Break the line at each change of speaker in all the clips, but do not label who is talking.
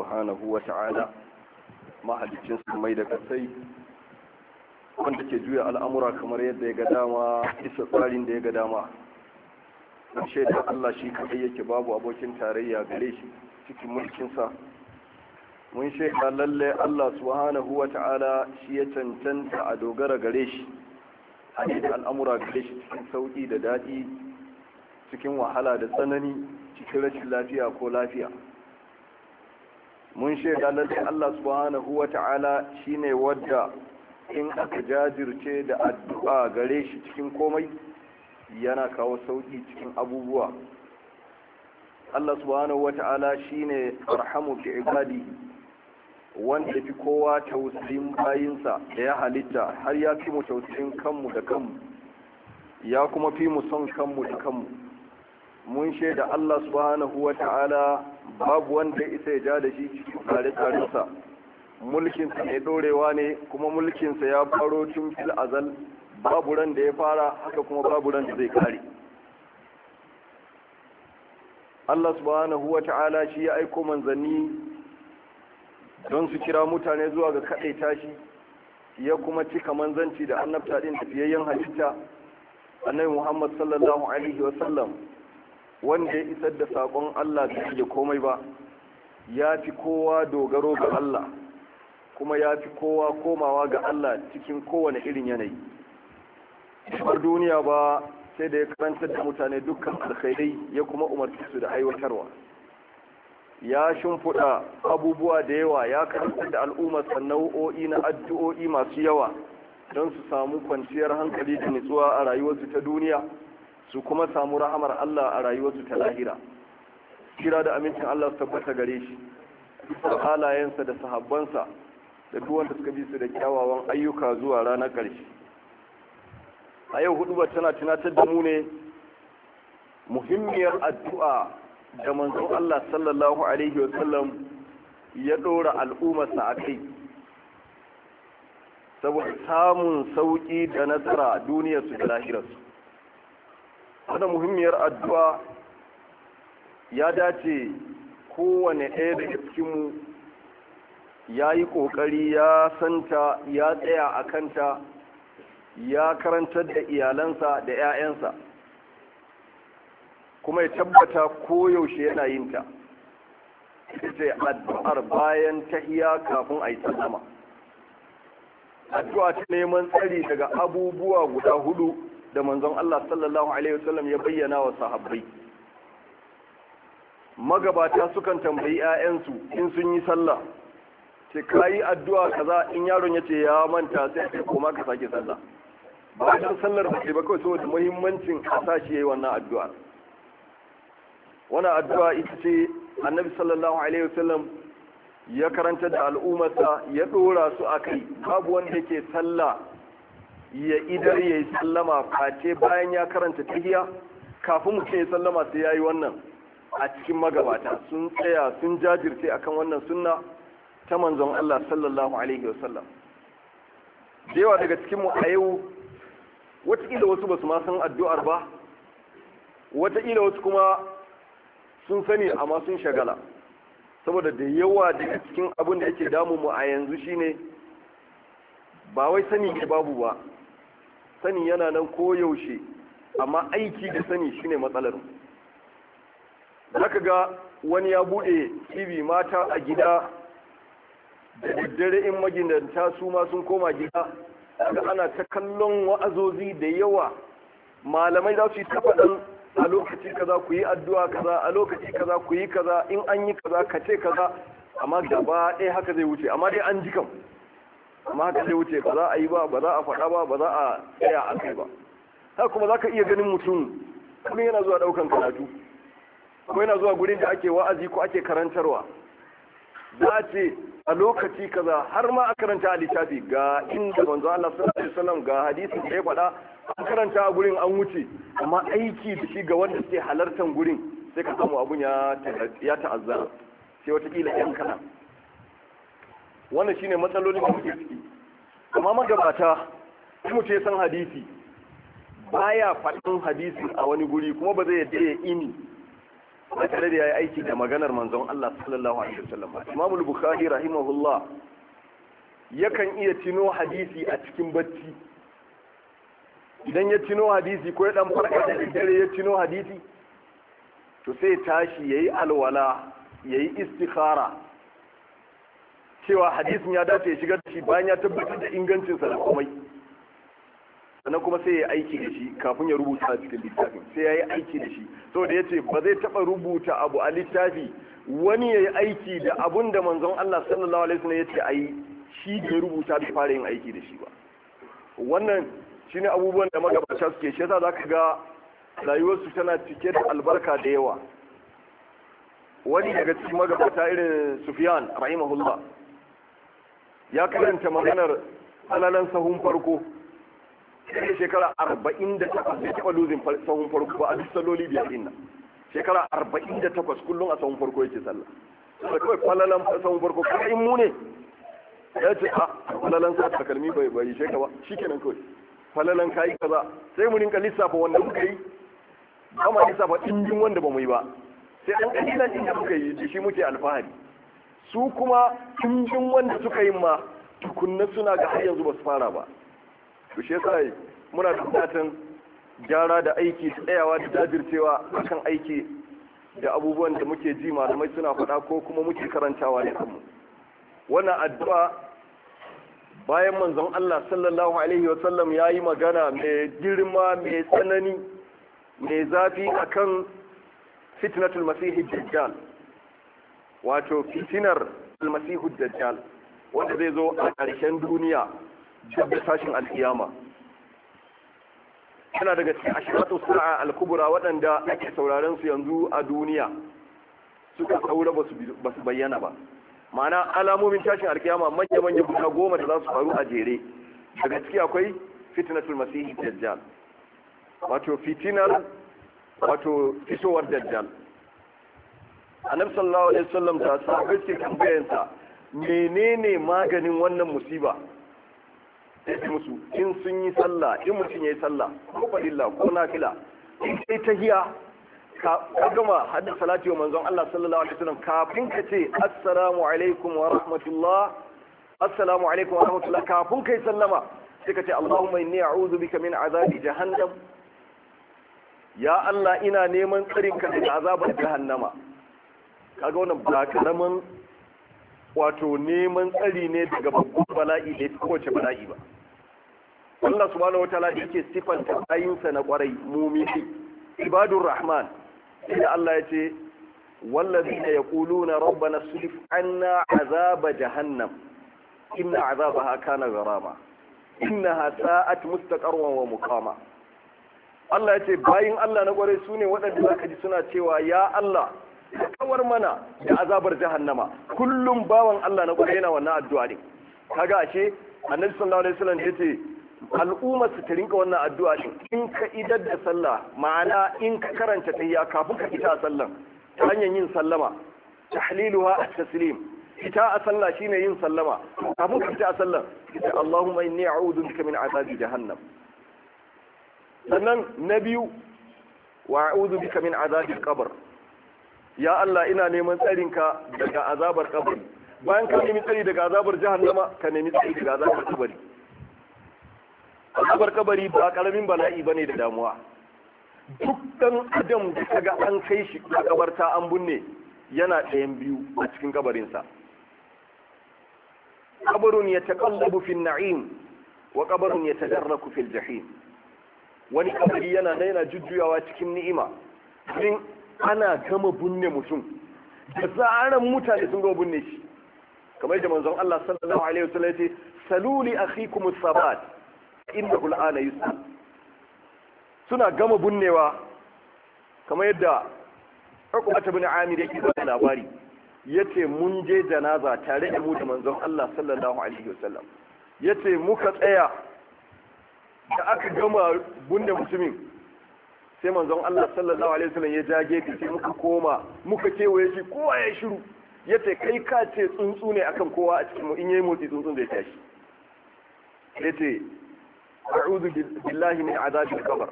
subhanahu wa ta'ala mahalicin mai da kasai wanda ke juya al'amura kamar yadda ya ga dama isa tsarin da ya ga dama na shaida Allah shi kaɗai yake babu abokin tarayya gare shi cikin mulkinsa mun shaida lalle Allah subhanahu wa ta'ala shi ya cancanta a dogara gare shi a da al'amura gare shi cikin sauƙi da daɗi cikin wahala da tsanani cikin rashin lafiya ko lafiya mun shaida lalle Allah subhanahu wa ta'ala shine wadda in aka jajirce da addu'a gare shi cikin komai yana kawo sauki cikin abubuwa Allah subhanahu wa ta'ala shine arhamu bi ibadihi wanda fi kowa tausayin bayinsa da ya halitta har ya fi mu tausayin kanmu da kanmu ya kuma fi mu son kanmu da kanmu mun shaida Allah subhanahu wa ta'ala babu wanda isa ya ja da shi cikin tsare-tsarensa mulkinsa mai dorewa ne kuma mulkinsa ya faro tun fil azal babu ran da ya fara haka kuma babu ran da zai kare Allah subhanahu wa ta'ala shi ya aiko manzanni don su kira mutane zuwa ga kaɗaita shi ya kuma cika manzanci da annabta din tafiyayyen halitta annabi Muhammad sallallahu alaihi wa sallam wanda ya isar da sakon Allah bai da komai ba ya fi kowa dogaro ga Allah kuma ya fi kowa komawa ga Allah cikin kowane irin yanayi kamar duniya ba sai da ya karantar da mutane dukkan alkhairai ya kuma umarci su da aiwatarwa ya shimfiɗa abubuwa da yawa ya karantar da al'ummar nau'o'i na addu'o'i masu yawa don su samu kwanciyar hankali da nutsuwa a rayuwarsu ta duniya su kuma samu rahamar Allah a rayuwarsu ta lahira kira da amincin Allah su tabbata gare shi da halayensa da sahabbansa da duk wanda suka bi su da kyawawan ayyuka zuwa ranar ƙarshe a yau hudu ba tana tunatar da mu ne muhimmiyar addu'a da manzon Allah sallallahu alaihi wa sallam ya dora al'ummarsa a kai saboda samun sauki da nasara duniyarsu da lahirarsu wadda muhimmiyar addu'a ya dace kowane ɗaya da cikinmu ya yi ƙoƙari ya santa ya tsaya a kanta ya karantar da iyalansa da 'ya'yansa kuma ya tabbata koyaushe yana yin ta addu'ar bayan ta iya kafin a yi sallama addu'a ta neman tsari daga abubuwa guda hudu da manzon Allah sallallahu alaihi wasallam ya bayyana wa sahabbai magabata sukan tambayi 'ya'yansu in sun yi sallah ce kayi addu'a kaza in yaron ya ce ya manta sai ka koma ka sake sallah ba dan sallar ba ce ba kawai saboda muhimmancin a sashi yayi wannan addu'a wannan addu'a ita ce annabi sallallahu alaihi wasallam ya karanta da al'ummarsa ya dora su a kai babu wanda yake sallah ya idar ya yi sallama face bayan ya karanta tahiya kafin mutum ya sallama sai ya yi wannan a cikin magabata sun tsaya sun jajirce akan wannan sunna ta manzon Allah sallallahu alaihi wasallam da yawa daga cikinmu a yau wataƙila wasu ba su ma san addu'ar ba wataƙila wasu kuma sun sani amma sun shagala saboda da yawa daga cikin abin da yake damu mu a yanzu shine ba wai sani ne babu ba sani yana nan koyaushe amma aiki da sani shine matsalar aka ga wani ya bude tv mata a gida da daddare in maginanta su ma sun koma gida ga ana ta kallon wa'azozi da yawa malamai za su yi tafaɗan a lokaci kaza ku yi addu'a kaza a lokaci kaza ku yi kaza in an yi kaza ka ce kaza amma gaba ɗaya haka zai wuce amma dai an ji kam amma haka zai wuce ba za a yi ba ba za a faɗa ba ba za a tsaya a kai ba haka kuma za ka iya ganin mutum kullum yana zuwa ɗaukan karatu ko yana zuwa gurin da ake wa'azi ko ake karantarwa za a ce a lokaci kaza har ma a karanta a littafi ga inda manzo Allah sallallahu alaihi wasallam ga hadisin da ya faɗa an karanta a gurin an wuce amma aiki da shi ga wanda suke halartar gurin sai ka samu abun ya ta'azzara sai watakila yan kana wannan shine matsalolin da muke ciki amma magabata ya mutum san hadisi baya faɗin hadisi a wani guri kuma ba zai yadda ya ini ba tare da yayi aiki da maganar manzon Allah sallallahu alaihi wasallam Imam al rahimahullah yakan iya tino hadisi a cikin bacci idan ya cino hadisi ko ya dan farka da dare ya cino hadisi to sai tashi yayi alwala yayi istikhara cewa hadisin ya dace ya shiga da shi bayan ya tabbatar da ingancinsa da komai sannan kuma sai ya aiki da shi kafin ya rubuta cikin littafin sai ya yi aiki da shi saboda ya ce ba zai taba rubuta abu a littafi wani ya yi aiki da abun da manzon Allah sallallahu alaihi wasallam ya ce a shi da rubuta bai fara yin aiki da shi ba wannan ne abubuwan da magabata suke shi yasa ka ga rayuwarsu tana cike da albarka da yawa wani daga cikin magabata irin Sufyan rahimahullah ya karanta maganar alalan sahun farko sai shekara arba'in da takwas da taɓa lozin sahun farko ba a duk saloli biyar ɗin nan shekara arba'in da takwas kullum a sahun farko yake sallah sai kawai falalan sahun farko kuma in mu ne ya ce a ah, falalan sa takalmi bai bai sheka ba kenan kawai falalan kayi kaza sai mu rinka lissafa wanda muka yi ba lissafa ɗimbin wanda ba mu yi ba sai ɗan ƙalilan ɗin da muka yi da shi muke alfahari su kuma ɗimbin wanda suka yi ma tukunna suna ga har yanzu ba su fara ba to shi yasa muna da buƙatan gyara da aiki ta tsayawa da jajircewa akan aiki da abubuwan da muke ji malamai suna faɗa ko kuma muke karantawa ne kanmu wannan addu'a bayan manzon Allah sallallahu alaihi wasallam ya yi magana mai girma mai tsanani mai zafi akan fitnatul masihu dajjal wato fitinar almasihu dajjal wanda zai zo a ƙarshen duniya da sashin alkiyama yana daga cikin ashiratu sa'a al-kubra waɗanda ake sauraron su yanzu a duniya suka saura ba su bayyana ba ma'ana alamomin tashin alkiyama manya manya guda goma da za su faru a jere daga ciki akwai fitinar masihi dajjal wato fitinar wato fitowar dajjal annabi sallallahu alaihi wasallam ta sahabbai ke tambayansa menene maganin wannan musiba sai musu in sun yi sallah in mutum ya yi sallah ko fadilla ko nafila in kai tahiya ka gama hadda salati wa manzon Allah sallallahu alaihi wasallam kafin ka ce assalamu alaikum wa rahmatullah assalamu alaikum wa rahmatullah kafin kai sallama sai ka ce Allahumma inni a'udhu bika min azabi jahannam ya Allah ina neman tsarin ka daga azabar jahannama kaga wannan ba karamin wato neman tsari ne daga babban bala'i da kowace bala'i ba Allah subhanahu wataala yake sifanta bayinsa na kwarai mumini ibadur rahman inda Allah ya ce wallazina yaquluna rabbana sulif anna azaba jahannam inna azabaha kana garama innaha sa'at mustaqarran wa muqama Allah ya ce bayin Allah na kwarai sune waɗanda zaka ji suna cewa ya Allah kawar mana da azabar jahannama kullum bawan Allah na kwarai yana wannan addu'a ne kaga ashe annabi sallallahu alaihi wasallam yace al'umma su ta rinka wannan addu'a din in ka idar da sallah ma'ana in ka karanta ta tayya kafin ka fita a sallan ta hanyar yin sallama tahliluha at-taslim fita a sallah shine yin sallama kafin ka fita a sallan sai Allahumma inni a'udhu bika min azabi jahannam sannan na biyu wa a'udhu bika min azabi al-qabr ya Allah ina neman tsarinka daga azabar kabari bayan ka nemi tsari daga azabar jahannama ka nemi tsari daga azabar kabari azabar kabari ba karamin bala'i ba ne da damuwa duk dan adam da ga an kai shi a kabarta an binne yana ɗayan biyu a cikin kabarinsa kabarun ya taqallabu fil na'im wa kabarun ya tadarraku kufin jahim wani kabari yana da yana jujjuyawa cikin ni'ima din ana gama binne mutum da tsaran mutane sun gama binne shi kamar da manzon Allah sallallahu alaihi wasallam ya ce saluli akhikum sabat inda ul'ana yi suna gama bunnewa kamar yadda uqbata bin amir yake da labari yace mun je janaza tare da mu da manzon Allah sallallahu alaihi wasallam yace muka tsaya da aka gama bunne mutumin sai manzon Allah sallallahu alaihi wasallam ya jage ka sai muka koma muka kewaye shi kowa ya shiru yace kai ka ce tsuntsu ne akan kowa a cikin mu in yi motsi tsuntsun zai tashi yace أعوذ بالله من عذاب القبر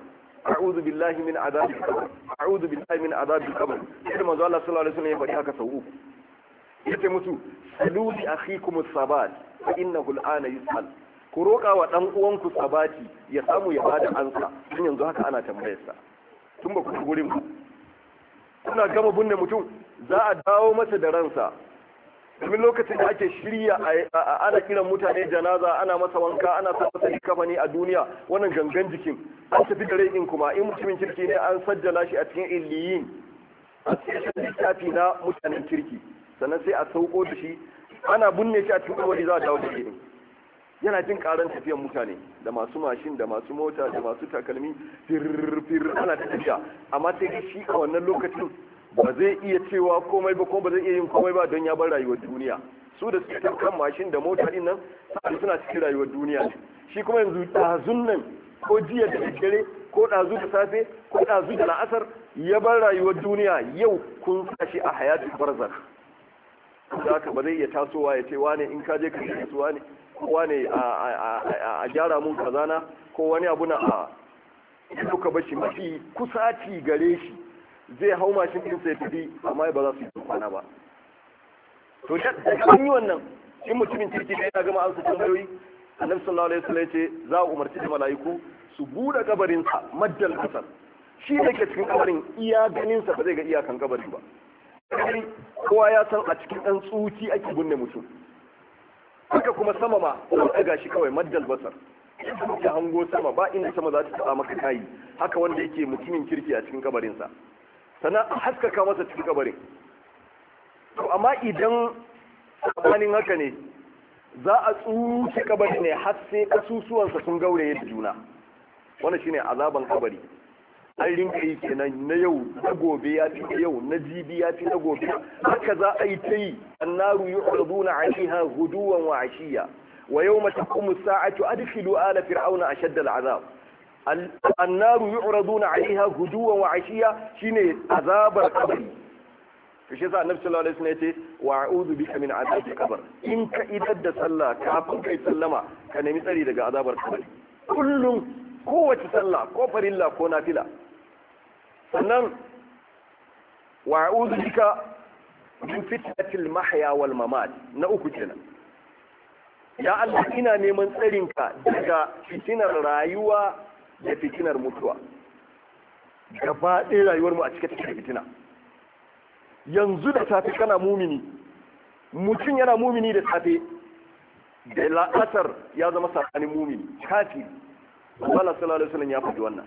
أعوذ بالله من عذاب القبر أعوذ بالله من عذاب القبر sai manzo Allah sallallahu alaihi haka sau uku yace musu salu li akhikum as-sabat fa innahu al-ana yus'al ku roƙa wa ɗan uwanku sabati ya samu ya bada anka. tun yanzu haka ana tambayar sa tun ba ku gurin ku kuna gama binne mutum za a dawo masa da ransa domin lokacin da ake shirya a ana kiran mutane janaza ana masa wanka ana sa masa kafani a duniya wannan gangan jikin an tafi da rai kuma in mutumin kirki ne an sajjala shi a cikin illiyin a cikin littafi na mutanen kirki sannan sai a sauko da shi ana binne shi a cikin wani za a dawo da shi yana jin karan tafiyan mutane da masu mashin da masu mota da masu takalmi firfir ana tafiya amma sai shi a wannan lokacin ba zai iya cewa komai ba kuma ba zai iya yin komai ba don ya bar rayuwar duniya su da suke kan mashin da mota din nan sai suna cikin rayuwar duniya shi kuma yanzu ɗazun nan ko jiya da daddare ko ɗazu da safe ko ɗazu da la'asar ya bar rayuwar duniya yau kun sa shi a hayatin barzak za ka ba zai iya tasowa ya ce wane in ka je ka ce su wane wane a gyara mun kazana ko wani abu na a duka bashi mafi kusaci gare shi zai hau mashin din sai tafi amma ba za su yi kwana ba to da kan yi wannan in mutumin kirki ne ya gama amsa tambayoyi annabi sallallahu alaihi wasallam yace za a umarci da mala'iku su buɗe kabarin sa maddal kasar shi da ke cikin kabarin iya ganin sa ba zai ga iyakan kabarin ba kowa ya san a cikin dan tsuci ake binne mutum haka kuma sama ma an ga shi kawai maddal basar Ka hango sama ba inda sama za ta taba maka kayi haka wanda yake mutumin kirki a cikin kabarinsa sannan haskaka masa cikin kabarin to amma idan tsakanin haka ne za a tsuke kabari ne har sai kasusuwansa sun gauraye da juna wannan shine azaban kabari an rinka yi kenan na yau na gobe ya fi yau na jibi ya fi na gobe haka za a yi ta yi annaru yu'raduna 'alayha huduwan wa 'ashiya wa yawma taqumu as-sa'atu adkhilu ala fir'auna a shadda azab annaru yu'raduna 'alayha guduwan wa 'ashiya shine azabar kabari to shi yasa annabi sallallahu alaihi wasallam yace wa a'udhu bika min azabil qabr in ka idar da sallah kafin kai sallama ka nemi tsari daga azabar kabari kullum kowace sallah ko farilla ko nafila sannan wa a'udhu bika min fitnatil mahya wal mamat na uku kenan ya Allah ina neman tsarinka daga fitinar rayuwa da fitinar mutuwa gaba ɗaya rayuwar mu a cike take fitina yanzu da safe kana mumini mutum yana mumini da safe da la'asar ya zama sakanin mumini Kafi, Allah sallallahu alaihi wasallam ya faɗi wannan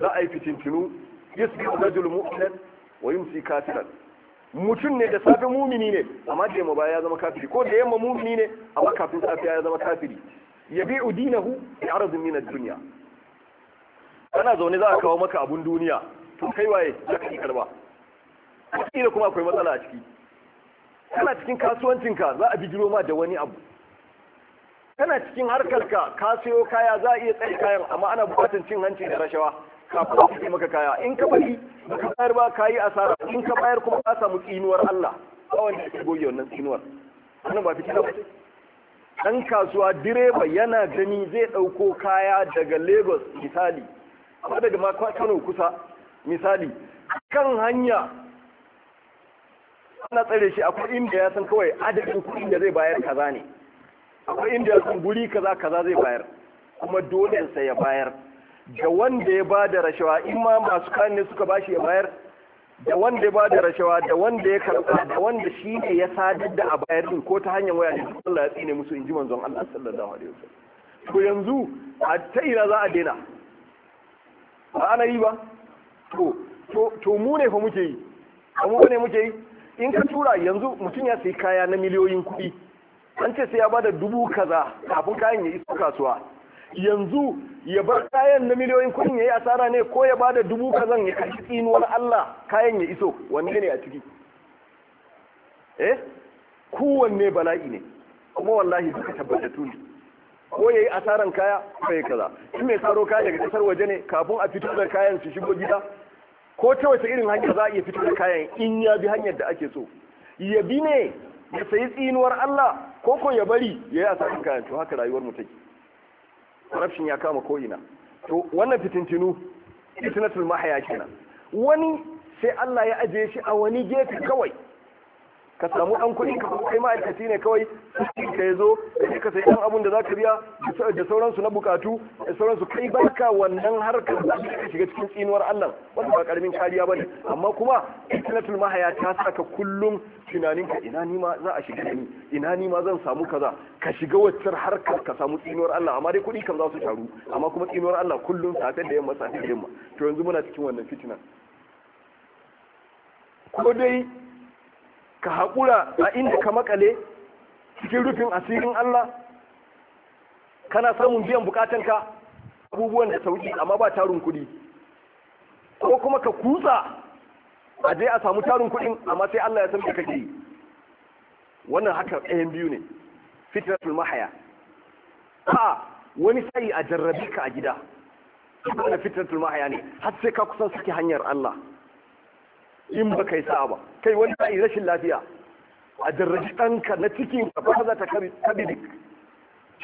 za a yi fitintinu yasbi rajul mu'min wa yumsi kafiran mutum ne da safe mumini ne amma da yamma ya zama kafiri ko da yamma mumini ne amma kafin safiya ya zama kafiri yabi'u dinahu bi arzin min ad-dunya kana zaune za a kawo maka abun duniya to kai waye za ka karba kila kuma akwai matsala a ciki kana cikin kasuwancinka za a bijiro ma da wani abu kana cikin harkarka ka sayo kaya za a iya tsaye kayan amma ana bukatun cin hanci da rashawa kafin a cikin maka kaya in ka bari baka bayar ba ka yi asara in ka bayar kuma ka samu tsinuwar Allah ba wanda yake goge wannan tsinuwar wannan ba fitina ba dan kasuwa direba yana gani zai ɗauko kaya daga Lagos misali amma daga ma kano kusa misali kan hanya ana tsare shi akwai inda ya san kawai adadin kuɗin da zai bayar kaza ne akwai inda ya san guri kaza kaza zai bayar kuma dolensa ya bayar da wanda ya ba da rashawa in ma masu kayan ne suka bashi ya bayar da wanda ya ba da rashawa da wanda ya karɓa da wanda shi ne ya sadar da a bayar din ko ta hanyar waya ne Allah ya tsine musu in ji manzon Allah sallallahu alaihi wasallam to yanzu a ta ina za a daina ba ana yi ba to mu ne fa muke yi mu ne muke yi in ka tura yanzu mutum ya sayi kaya na miliyoyin kuɗi an ce sai ya bada dubu kaza kafin kayan ya iso kasuwa yanzu ya bar kayan na miliyoyin kuɗin ya yi asara ne ko ya bada dubu kazan ya kashi tsinuwar Allah kayan ya iso wanne ne a ciki eh kowanne bala'i ne kuma wallahi suka tabbatattu ne ko ya yi asaran kaya ko yayi kaza in mai saro kaya daga kasar waje ne kafin a fito da kayan su shigo gida ko ta wace irin hanya za a iya fito da kayan in ya bi hanyar da ake so ya bi ne ya sayi tsinuwar Allah ko ko ya bari ya yi asaran kayan to haka rayuwar mu take corruption ya kama ko ina to wannan fitintinu fitnatul mahaya kenan wani sai Allah ya ajiye shi a wani gefe kawai ka samu dan kuɗi ka kai ma'aikaci ne kawai sai ka yazo sai ka sai dan abun da zaka biya da sauransu na bukatu da sauransu kai baka wannan harkar da ka shiga cikin tsinuwar Allah wanda ba karamin kariya bane amma kuma internetul mahaya ta saka kullum tunanin ka ina ni ma za a shiga ni ina ni ma zan samu kaza ka shiga waccar harkar ka samu tsinuwar Allah amma dai kuɗi kan za su taru amma kuma tsinuwar Allah kullum safe da yamma safe da yamma to yanzu muna cikin wannan fitina ko dai ka haƙura a inda ka makale cikin rufin asirin Allah kana samun biyan bukatanka abubuwan da sauki amma ba tarin kuɗi ko kuma ka kusa a je a samu tarin kuɗin amma sai Allah ya san ka kake wannan haka ɗayan biyu ne fitratul mahaya a wani sai a jarrabe ka a gida wannan fitratul mahaya ne har sai ka kusan saki hanyar Allah in ba kai sa'a ba kai wani sa'i rashin lafiya a jarraji ɗanka na cikin ka ba za ta kabi kabiri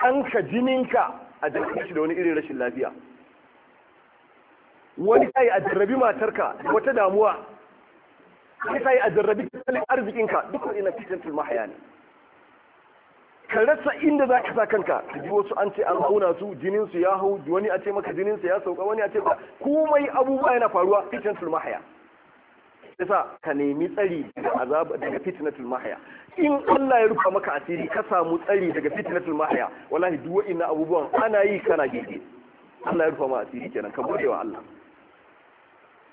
ɗanka jininka a jarraji shi da wani irin rashin lafiya wani yi a jarrabi matarka wata damuwa wani sa'i a jarrabi tattalin arzikinka na ina fitantul haya ne ka rasa inda za ka sa kanka ka ji wasu an ce an auna su jininsu ya hau wani a ce maka jininsu ya sauka wani a ce komai abubuwa yana faruwa fitantul mahaya yasa ka nemi tsari daga azab daga fitnatul mahya in Allah ya rufa maka asiri ka samu tsari daga fitnatul mahya wallahi duk wa'innan abubuwan ana yi kana gidi Allah ya rufa maka asiri kenan ka gode wa Allah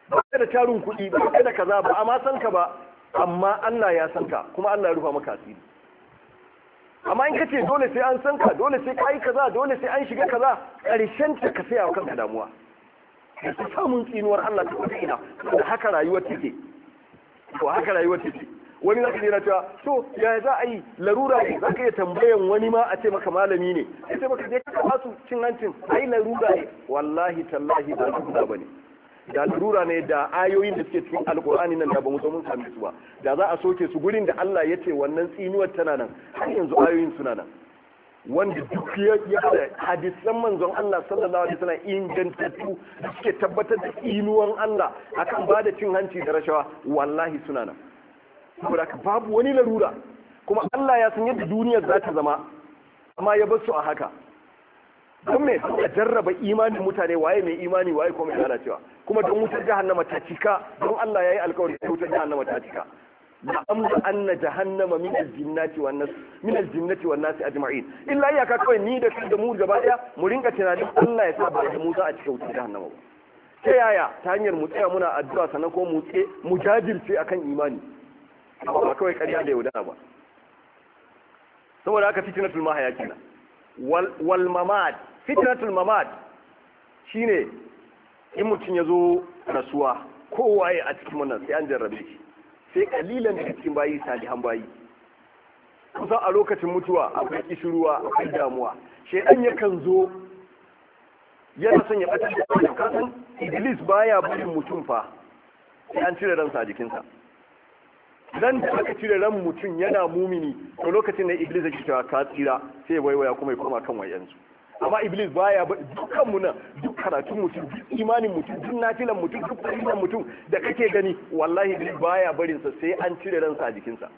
ba ka da tarin kuɗi ba ka da kaza ba amma san ka ba amma Allah ya san ka kuma Allah ya rufa maka asiri amma in kace dole sai an san ka dole sai kai kaza dole sai an shiga kaza karshen ta ka saya kanka damuwa ka samun tsinuwar Allah ta ina da haka rayuwar take to haka rayuwar take wani zaka je na cewa to ya za a yi larura ne zaka iya tambayan wani ma a ce maka malami ne sai ce maka je ka basu cin hancin ai larura ne wallahi tallahi ba da bane da larura ne da ayoyin da suke cikin alkur'ani nan da ba mu zo mun same su ba da za a soke su gurin da Allah ya ce wannan tsinuwar tana nan har yanzu ayoyin suna nan wanda duk ya hadisan manzon Allah sallallahu alaihi wasallam ingantattu da suke tabbatar da inuwan Allah akan ba da cin hanci da rashawa wallahi suna nan saboda babu wani larura kuma Allah ya san yadda duniyar za ta zama amma ya bar su a haka don me jarraba imanin mutane waye mai imani waye kuma mai lalacewa kuma don wutar jahannama ta cika don Allah ya yi alkawarin wutar jahannama ta cika na'am da anna jahannama min al-jinnati wan nas min al-jinnati wan nas ajma'in illa ya ka kawai ni da kai da mu gaba daya mu rinka tunanin Allah ya sa ba mu za a cika wutar jahannama ba ta yaya ta hanyar mu tsaya muna addu'a sannan ko mu tse mu jajirce akan imani ba kawai ƙarya da yaudara ba saboda haka fitnatul mahaya kina wal wal mamad fitnatul mamad shine in mutum ya zo rasuwa kowaye a cikin wannan sai an jarrabe shi sai kalilan daga cikin bayi salihan bayi kusan a lokacin mutuwa akwai kishiruwa akwai damuwa shaidan yakan zo yana son ya bata da kasan iblis baya barin mutum fa sai an cire ransa a jikinsa dan da aka cire ran mutum yana mumini to lokacin da iblis ya cewa ka tsira sai waiwaya kuma ya koma kan wayansu amma iblis baya ba dukkan mu nan duk karatun mutum duk imanin mutum duk nafilan mutum duk fahimtar mutum da kake gani wallahi iblis baya barin sa sai an cire ransa sa jikinsa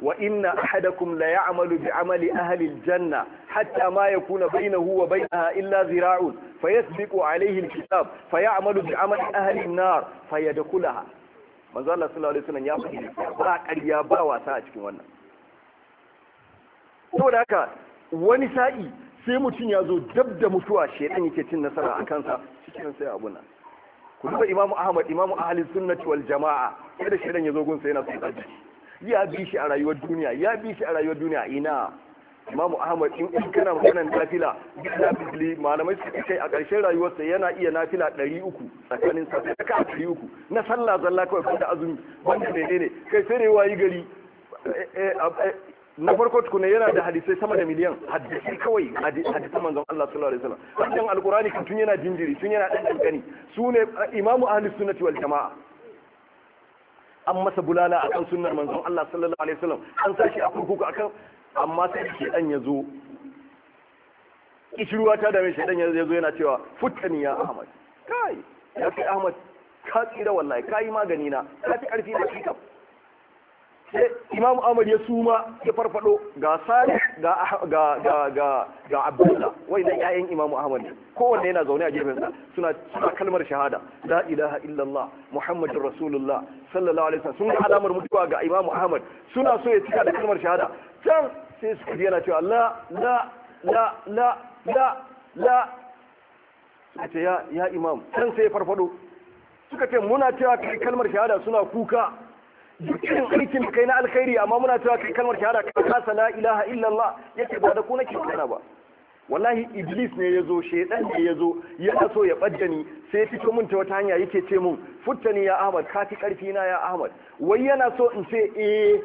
wa inna ahadakum la ya'malu bi amali ahli al-janna hatta ma yakuna bainahu wa bainaha illa zira'un fayasbiqu alayhi al-kitab fay'malu bi amali ahli an-nar fayadkhulaha manzo Allah sallallahu alaihi wasallam ya faɗi ba ƙarya ba wasa a cikin wannan saboda haka wani sa'i sai mutum ya zo dab da mutuwa shaidan yake cin nasara a kansa cikin sai abu nan ku duba imamu ahmad imamu ahli sunnati wal jama'a yadda shaidan ya zo gunsa yana son tsarki ya bi shi a rayuwar duniya ya bi shi a rayuwar duniya ina imamu ahmad in in kana maganar nafila duk nafili malamai su kai a ƙarshen rayuwarsa yana iya nafila ɗari uku tsakanin safe ka ɗari uku na sallah zalla kawai banda azumi banda ne kai sai ne wayi gari eh, eh, eh, na farko tukuna yana da hadisai sama da miliyan hadisai kawai hadisan manzon Allah sallallahu alaihi wasallam hadisan alqurani tun yana jinjiri tun yana dan kankani su ne imamu ahlus sunnati wal jamaa an masa bulala akan sunnar manzon Allah sallallahu alaihi wasallam an sashi a kurkuku akan amma sai shi dan yazo kishruwa ta da shi dan yazo yana cewa futtani ya ahmad kai ya kai ahmad ka tsira wallahi kai magani na ka ci karfi da kikam sai imam amr ya suma ya farfado ga Sani ga ga ga ga ga ƴaƴan imam ahmad kowanne yana zaune a gefen suna suna kalmar shahada la ilaha illallah muhammadur rasulullah sallallahu alaihi wasallam sun alamar mutuwa ga imam ahmad suna so ya cika da kalmar shahada can sai suka ji yana cewa la la la la la la suka ce ya ya imam can sai ya farfado suka ce muna cewa kalmar shahada suna kuka irin aikin da kai na alkhairi amma muna cewa kai kalmar shahada ka kasa la ilaha illallah yake ba da ku nake magana ba wallahi iblis ne ya zo shaidan ne ya zo ya aso ya ɓadda ni sai ya fito min ta wata hanya yake ce min futtani ya ahmad ka fi ƙarfi na ya ahmad wai yana so in ce eh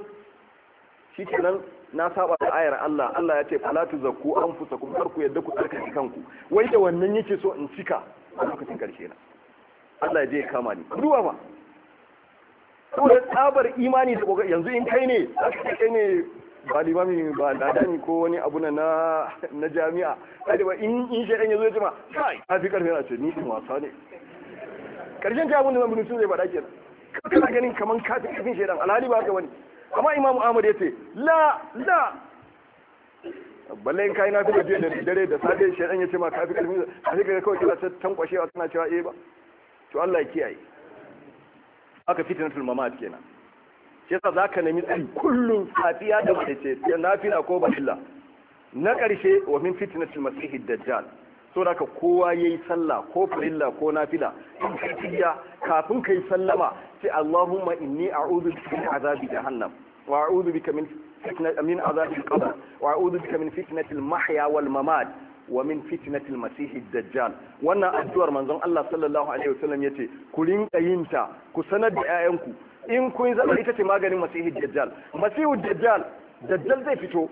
shi kenan na saba da ayar Allah Allah ya ce fala tuzakku anfusakum kar ku yadda ku tsarkake kanku wai da wannan yake so in cika a lokacin karshe na Allah ya je ya kama ni duba ba saboda tsabar imani da kokari yanzu in kai ne kai ne ba limami ba ladani ko wani abu na na jami'a kai ba in in shedan yazo ya ce ma kai kafi karfi na ce ni din wasa ne karshen ta abun da zan bi sun zai faɗa kenan kana ganin kaman kafi karfin shedan alhali ba haka bane amma imamu ahmad ya ce la la balle in kai na fi gajiya da dare da safe shedan ya ce ma kafi karfin kafi kawai kila ta tankwashewa kana cewa eh ba to Allah ya kiyaye aka fitnatul mamat kenan shi yasa zaka nemi tsari kullum safiya da mace sai nafila ko bahilla na karshe wa min fitnatul masihid dajjal so da ka kowa yayi sallah ko farilla ko nafila in kai tiya kafin kai sallama sai Allahumma inni a'udhu bika min azabi jahannam wa a'udhu bika min fitnat qabr wa a'udhu bika min fitnatil mahya wal mamat wa min fitnatil masihi dajjal wannan addu'ar manzon Allah sallallahu alaihi wasallam yace ku rinka yin ta ku sanar da ƴaƴanku in kun zama ita ce maganin masihi dajjal masihu dajjal dajjal zai fito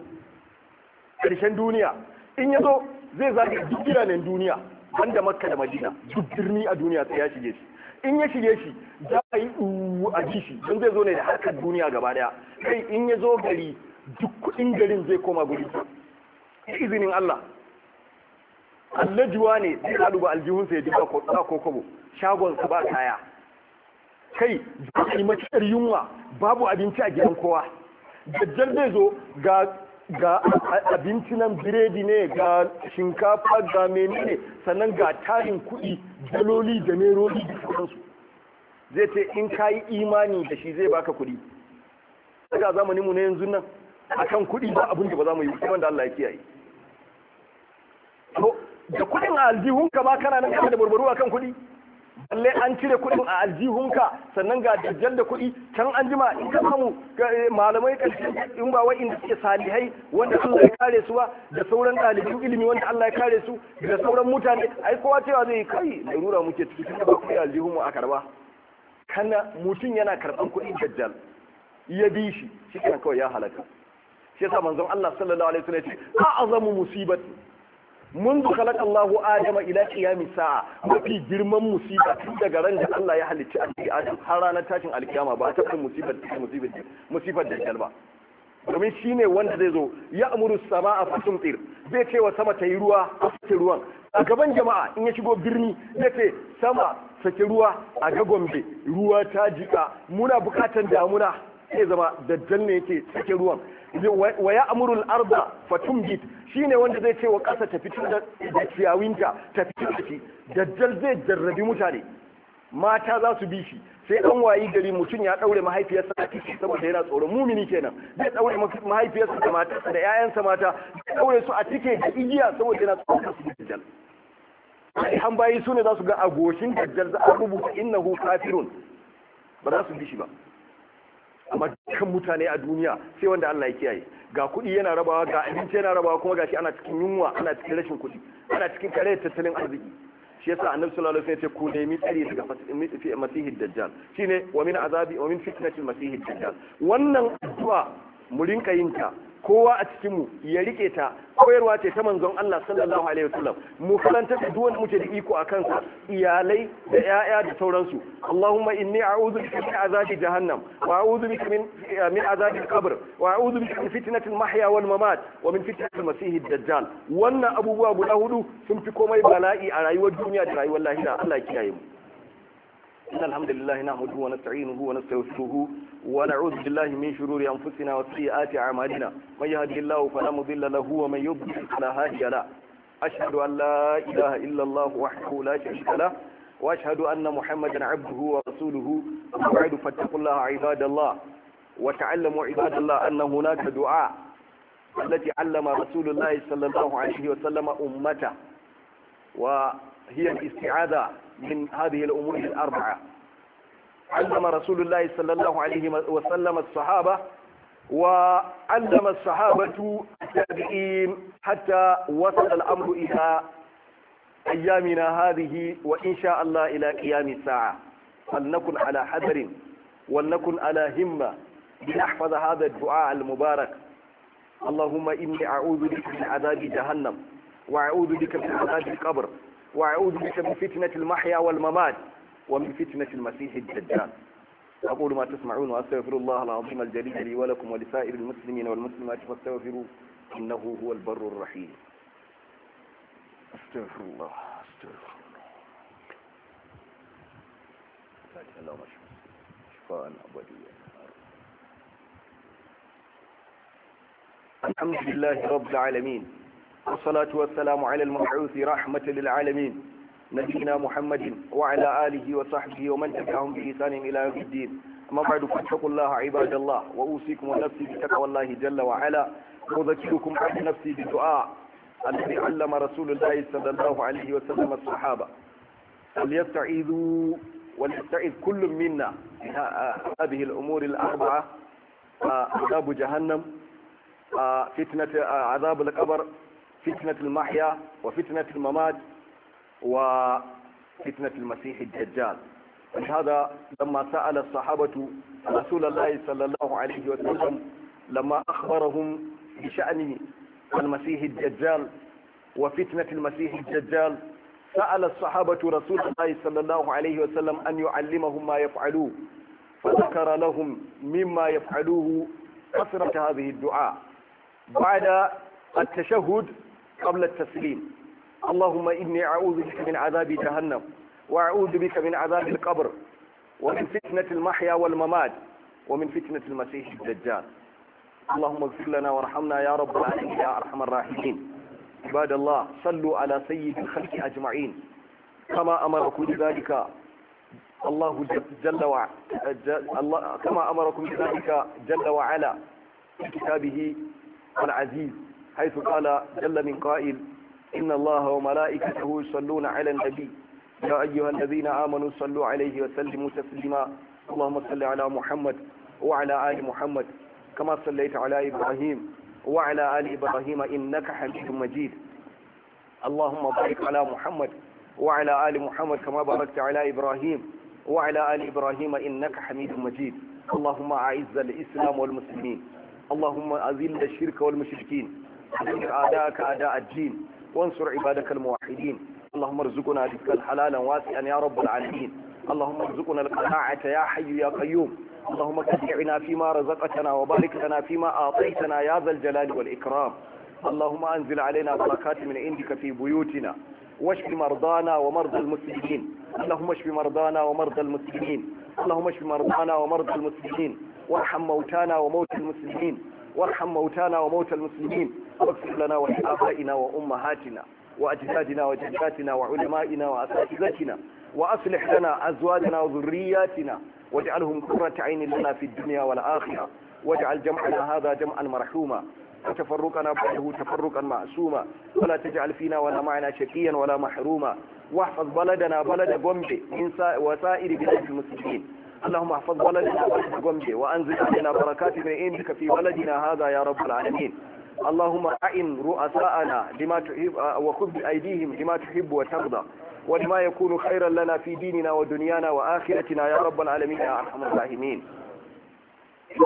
karshen duniya in yazo zai zage duk duniya banda makka da madina duk birni a duniya sai ya shige shi in ya shige shi za a yi a ji shi don zai zo ne da harkar duniya gaba daya kai in ya zo gari duk kuɗin garin zai koma guri izinin Allah annajuwa ne zai ka duba aljihunsa ya ji ko kobo shagon su ba kaya kai zai yi matuƙar yunwa babu abinci a gidan kowa dajjal zai zo ga ga abinci nan biredi ne ga shinkafa ga menene sannan ga tarin kuɗi daloli da meroli da sauransu zai ce in ka yi imani da shi zai baka kuɗi daga zamaninmu na yanzu nan akan kuɗi ba abin da ba za mu yi da Allah ya kiyaye da kuɗin a aljihunka ba kana nan kana da barbaru kan kuɗi balle an cire kuɗin a aljihunka sannan ga dajjal da kuɗi can an jima in ka samu eh, malamai ƙarshe in ba wai inda suke salihai wanda Allah ya kare su ba da sauran ɗalibin ilimi wanda Allah ya kare su da sauran mutane ai kowa cewa zai yi kai nura muke ciki tun da ba kuɗi aljihunmu a karba kana mutum yana karɓan kuɗin dajjal ya bi shi shi kawai ya halaka shi yasa manzon Allah sallallahu alaihi wasallam ya ce azamu musibati منذ خلق الله آدم إلى قيام a mafi girman musiba tun daga ran da Allah ya halicci annabi Adam har ranar tashin alkiyama ba ta musibar musibar da ba domin shi ne wanda zai zo ya amuru sama a fasin tsir zai ce wa sama ta yi ruwa a sake ruwan a gaban jama'a in ya shigo birni zai ce sama sake ruwa a ga gombe ruwa ta jika muna bukatan damuna sai zama dajjal ne yake cikin ruwan wa ya amurul arda fatumbit shine wanda zai ce wa ƙasa ta fitar da ciyawinta ta fitar da shi dajjal zai jarrabi mutane mata za su bi shi sai an wayi gari mutum ya daure mahaifiyarsa a ciki saboda yana tsoron mumini kenan zai daure mahaifiyarsa da mata da yayansa mata zai daure su a cike da igiya saboda yana tsoron su dajjal an bayi su ne za su ga agoshin dajjal za a rubuta innahu kafirun ba za su bi shi ba amma kan mutane a duniya sai wanda Allah ya kiyaye ga kuɗi yana rabawa ga abinci yana rabawa kuma gashi ana cikin yunwa ana cikin rashin kuɗi ana cikin kare tattalin arziki shi yasa annabi sallallahu alaihi wasallam ya ce ku nemi tsari daga masihi dajjal shine wa min azabi wa min fitnatil masihi dajjal wannan addu'a mu rinka yin ta kowa a cikinmu ya rike ta koyarwa ce ta manzon Allah sallallahu alaihi wasallam mu karanta da duwan muke da iko a kansa iyalai da 'ya'ya da sauransu Allahumma inni a'udhu bika min azabi jahannam wa a'udhu bika min min azabi al-qabr wa a'udhu bika min fitnati al-mahya wal mamat wa min fitnati al-masih ad-dajjal wannan abubuwa guda hudu sun fi komai bala'i a rayuwar duniya da rayuwar lahira Allah ya kiyaye mu إن الحمد لله نحمده ونستعينه ونستغفره ونعوذ بالله من شرور أنفسنا وسيئات أعمالنا من يهده الله فلا مضل له ومن يضلل فلا هادي له أشهد أن لا إله إلا الله وحده لا شريك له وأشهد أن محمدا عبده ورسوله وبعد فاتقوا الله عباد الله وتعلموا عباد الله أن هناك دعاء التي علم رسول الله صلى الله عليه وسلم أمته و هي الاستعاذة من هذه الأمور الأربعة علم رسول الله صلى الله عليه وسلم الصحابة وعلم الصحابة التابعين حتى وصل الأمر إلى أيامنا هذه وإن شاء الله إلى قيام الساعة فلنكن على حذر ولنكن على همة لنحفظ هذا الدعاء المبارك اللهم إني أعوذ بك من عذاب جهنم وأعوذ بك من عذاب القبر وأعوذ بك من فتنة المحيا والممات ومن فتنة المسيح الدجال أقول ما تسمعون وأستغفر الله العظيم الجليل لي ولكم ولسائر المسلمين والمسلمات فاستغفروا إنه هو البر الرحيم استغفر الله استغفر الله اللهم شفاء أبديا الحمد لله رب العالمين والصلاة والسلام على المبعوث رحمة للعالمين نبينا محمد وعلى آله وصحبه ومن تبعهم بإحسان إلى يوم الدين أما بعد فاتقوا الله عباد الله وأوصيكم ونفسي بتقوى الله جل وعلا وأذكركم عن نفسي بدعاء الذي علم رسول الله صلى الله عليه وسلم الصحابة فليستعيذوا وليستعيذ كل منا هذه الأمور الأربعة آه، عذاب جهنم آه، فتنة آه، عذاب القبر فتنة المحيا وفتنة الممات وفتنة المسيح الدجال ولهذا لما سأل الصحابة رسول الله صلى الله عليه وسلم لما أخبرهم بشأن المسيح الدجال وفتنة المسيح الدجال سأل الصحابة رسول الله صلى الله عليه وسلم أن يعلمهم ما يفعلوه فذكر لهم مما يفعلوه كثرة هذه الدعاء بعد التشهد قبل التسليم اللهم إني أعوذ بك من عذاب جهنم وأعوذ بك من عذاب القبر ومن فتنة المحيا والممات ومن فتنة المسيح الدجال اللهم اغفر لنا وارحمنا يا رب العالمين يا أرحم الراحمين عباد الله صلوا على سيد الخلق أجمعين كما أمركم بذلك الله جل وعلا كما أمركم بذلك جل وعلا في كتابه العزيز حيث قال جل من قائل إن الله وملائكته يصلون على النبي يا أيها الذين آمنوا صلوا عليه وسلموا تسليما اللهم صل على محمد وعلى آل محمد كما صليت على إبراهيم وعلى آل إبراهيم إنك حميد مجيد اللهم بارك على محمد وعلى آل محمد كما باركت على إبراهيم وعلى آل إبراهيم إنك حميد مجيد اللهم أعز الإسلام والمسلمين اللهم أذل الشرك والمشركين ودمر أعداءك أعداء الدين وانصر عبادك الموحدين اللهم ارزقنا رزقا حلالا واسعا يا رب العالمين اللهم ارزقنا القناعة يا حي يا قيوم اللهم تبعنا فيما رزقتنا وبارك لنا فيما أعطيتنا يا ذا الجلال والإكرام اللهم أنزل علينا بركات من عندك في بيوتنا واشف مرضانا ومرضى المسلمين اللهم اشف مرضانا ومرضى المسلمين اللهم اشف مرضانا ومرضى المسلمين وارحم موتانا وموتى المسلمين وارحم موتانا وموتى المسلمين واغفر لنا ولآبائنا وأمهاتنا وأجدادنا وجداتنا وعلمائنا وأساتذتنا وأصلح لنا أزواجنا وذرياتنا واجعلهم قرة عين لنا في الدنيا والآخرة واجعل جمعنا هذا جمعا مرحوما وتفرقنا بعده تفرقا معصوما ولا تجعل فينا ولا معنا شقيا ولا محروما واحفظ بلدنا بلد بومبي من وسائر بلاد المسلمين اللهم احفظ بلدنا وحفظ وأنزل علينا بركات من عندك في بلدنا هذا يا رب العالمين اللهم أئن رؤساءنا لما تحب وخذ بأيديهم لما تحب وترضى ولما يكون خيرا لنا في ديننا ودنيانا وآخرتنا يا رب العالمين يا أرحم الراحمين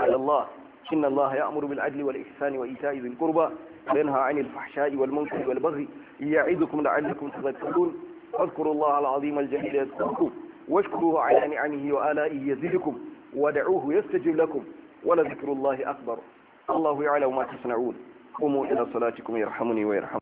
على الله إن الله يأمر بالعدل والإحسان وإيتاء ذي القربى وينهى عن الفحشاء والمنكر والبغي يعظكم لعلكم تذكرون اذكروا الله العظيم الجليل يذكركم واشكروه على نعمه وآلائه يزدكم ودعوه يستجب لكم ولذكر الله أكبر الله يعلم ما تصنعون قوموا إلى صلاتكم يرحمني ويرحمكم